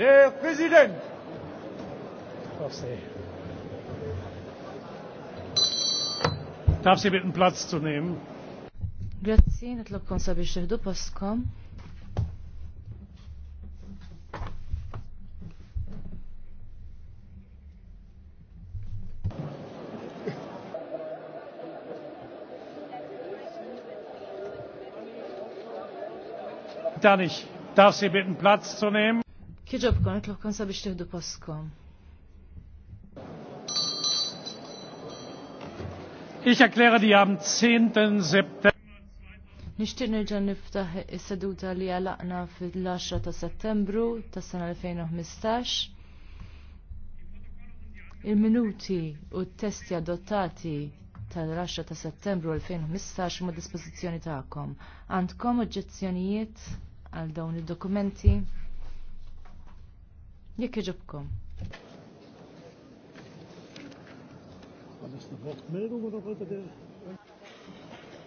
Der Präsident. Darf Sie bitten Platz zu nehmen? Grazzi, nitlobkom sabiex teħdu paskom. Dann ich darf Sie bitten Platz zu nehmen. Kieġobkom, nitlobkom sabiex tieħdu postkom. Ich erkläre die am 10. September. Nishtir nerġa' niftaħ is-seduta li għalaqna fil-10 ta' Settembru tas sena 2015. Il-minuti u t-testi adottati tal-10 ta' Settembru 2015 ma' dispożizzjoni tagħkom. Għandkom oġġezzjonijiet għal dawn id-dokumenti? Jekk iġobkom. Għadis nivot meru għadis